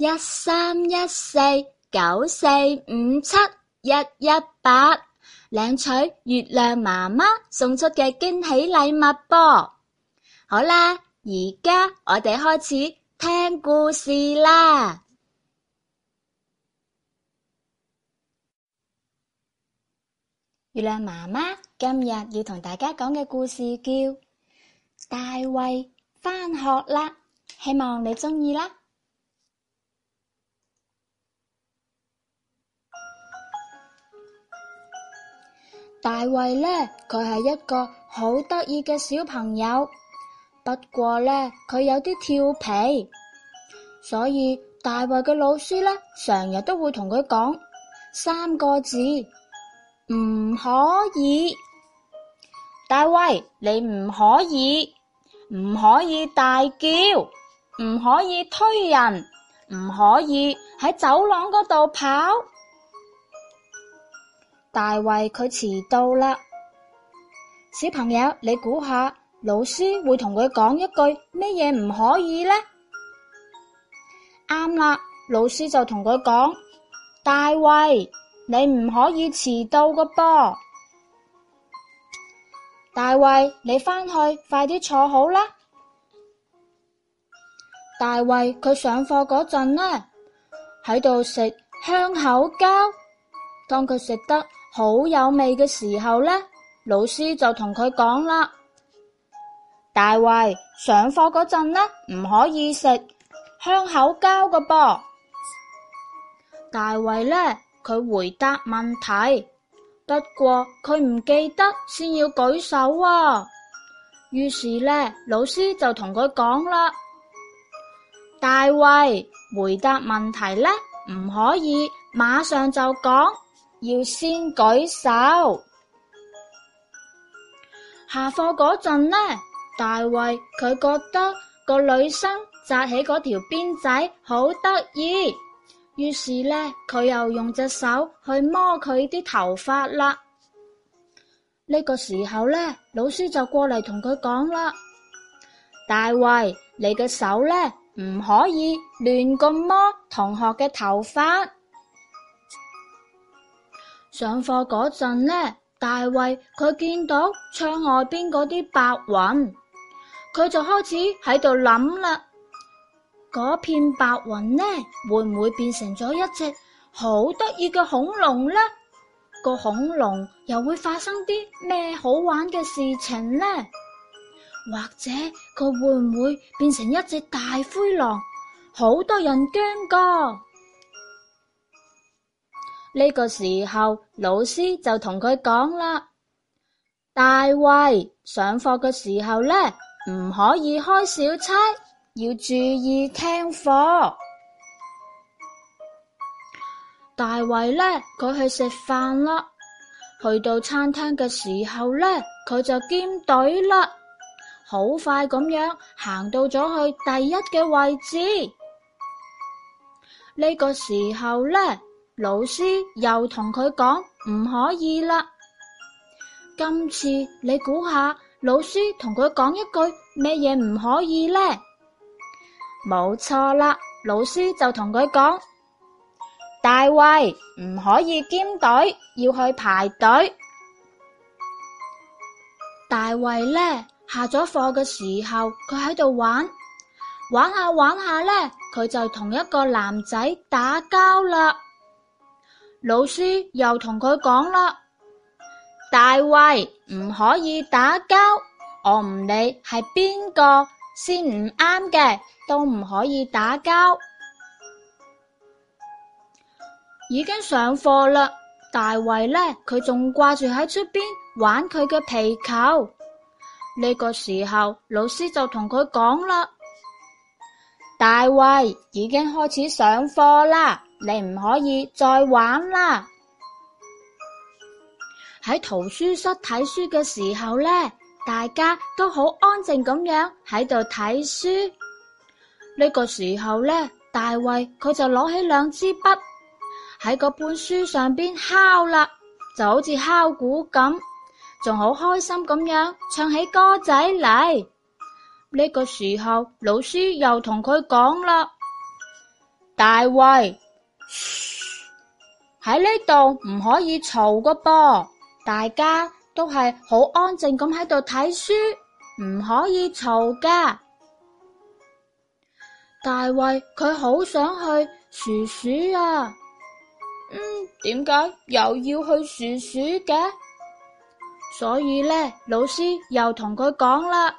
一三一四九四五七一一八，領取月亮媽媽送出嘅驚喜禮物啵！好啦，而家我哋開始聽故事啦。月亮媽媽今日要同大家講嘅故事叫《大衛返學啦》，希望你鍾意啦。大衛呢，佢係一個好得意嘅小朋友。不過呢，佢有啲調皮，所以大衛嘅老師呢，成日都會同佢講三個字：唔可以。大衛，你唔可以，唔可以大叫，唔可以推人，唔可以喺走廊嗰度跑。大衛佢遲到啦，小朋友你估下，老師會同佢講一句咩嘢唔可以呢？啱啦，老師就同佢講：大衛，你唔可以遲到㗎噃。大衛，你返去快啲坐好啦。大衛佢上課嗰陣呢，喺度食香口膠，當佢食得好有味嘅時候呢，老師就同佢講啦：大衛，上課嗰陣呢，唔可以食香口膠㗎啵。大衛呢，佢回答問題，不過佢唔記得先要舉手啊。於是呢，老師就同佢講啦：大衛，回答問題呢，唔可以馬上就講。要先舉手。下課嗰陣呢，大衛佢覺得個女生紮起嗰條辮仔好得意，於是呢，佢又用隻手去摸佢啲頭髮啦。呢個時候呢，老師就過嚟同佢講啦：大衛，你嘅手呢，唔可以亂咁摸同學嘅頭髮。上課嗰陣呢，大衛佢見到窗外邊嗰啲白雲，佢就開始喺度諗啦。嗰片白雲呢，會唔會變成咗一隻好得意嘅恐龍呢？個恐龍又會發生啲咩好玩嘅事情呢？或者佢會唔會變成一隻大灰狼？好多人驚噶。呢個時候，老師就同佢講啦：大衛，上課嘅時候呢，唔可以開小差，要注意聽課。大衛呢，佢去食飯啦。去到餐廳嘅時候呢，佢就兼隊啦。好快咁樣行到咗去第一嘅位置。呢個時候呢。老師又同佢講，唔可以啦。今次你估下，老師同佢講一句咩嘢唔可以呢？冇錯啦，老師就同佢講：大衛唔可以兼隊，要去排隊。大衛呢，下咗課嘅時候，佢喺度玩，玩下、啊、玩下、啊、呢，佢就同一個男仔打交啦。老師又同佢講啦：大衛唔可以打交，我唔理係邊個先唔啱嘅，都唔可以打交。已經上課啦，大衛呢，佢仲掛住喺出邊玩佢嘅皮球。呢個時候，老師就同佢講啦：大衛已經開始上課啦。你唔可以再玩啦！喺圖書室睇書嘅時候呢，大家都好安靜咁樣喺度睇書。呢個時候呢，大衛佢就攞起兩支筆喺嗰本書上邊敲啦，就好似敲鼓咁，仲好開心咁樣唱起歌仔嚟。呢個時候，老師又同佢講啦，大衛。噓，喺呢度唔可以嘈噶啵，大家都係好安靜咁喺度睇書，唔可以嘈噶。大衛佢好想去樹樹啊，嗯，點解又要去樹樹嘅？所以呢，老師又同佢講啦。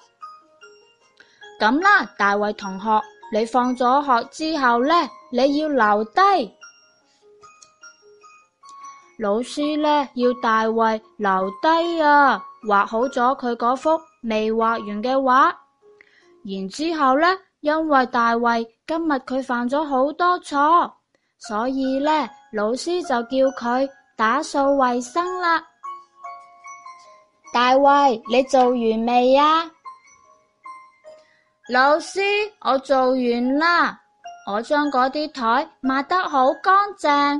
咁啦，大衛同學，你放咗學之後呢，你要留低。老師呢，要大衛留低啊，畫好咗佢嗰幅未畫完嘅畫。然之後呢，因為大衛今日佢犯咗好多錯，所以呢，老師就叫佢打掃衛生啦。大衛，你做完未呀、啊？老師，我做完啦，我將嗰啲台抹得好乾淨。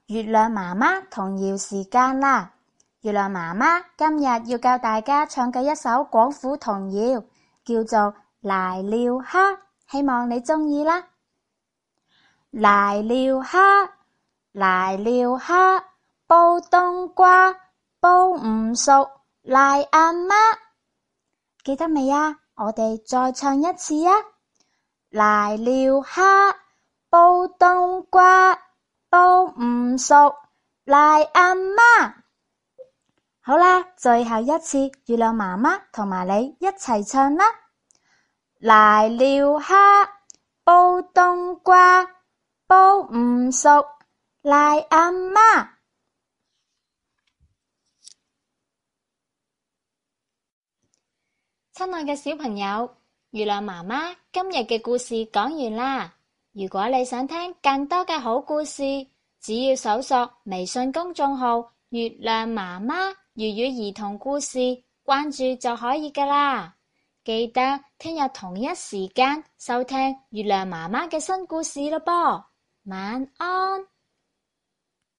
月亮媽媽童謠時間啦！月亮媽媽今日要教大家唱嘅一首廣府童謠，叫做《瀨尿蝦》，希望你鍾意啦！瀨尿蝦，瀨尿蝦，煲冬瓜，煲唔熟，瀨阿媽，記得未啊？我哋再唱一次啊！瀨尿蝦，煲冬瓜。煲唔熟，賴阿媽。好啦，最後一次，月亮媽媽同埋你一齊唱啦。瀨尿蝦，煲冬瓜，煲唔熟，賴阿媽。親愛嘅小朋友，月亮媽媽今日嘅故事講完啦。如果你想聽更多嘅好故事，只要搜索微信公眾號《月亮媽媽粵語兒童故事》，關注就可以㗎喇。記得聽日同一時間收聽月亮媽媽嘅新故事咯，噃。晚安。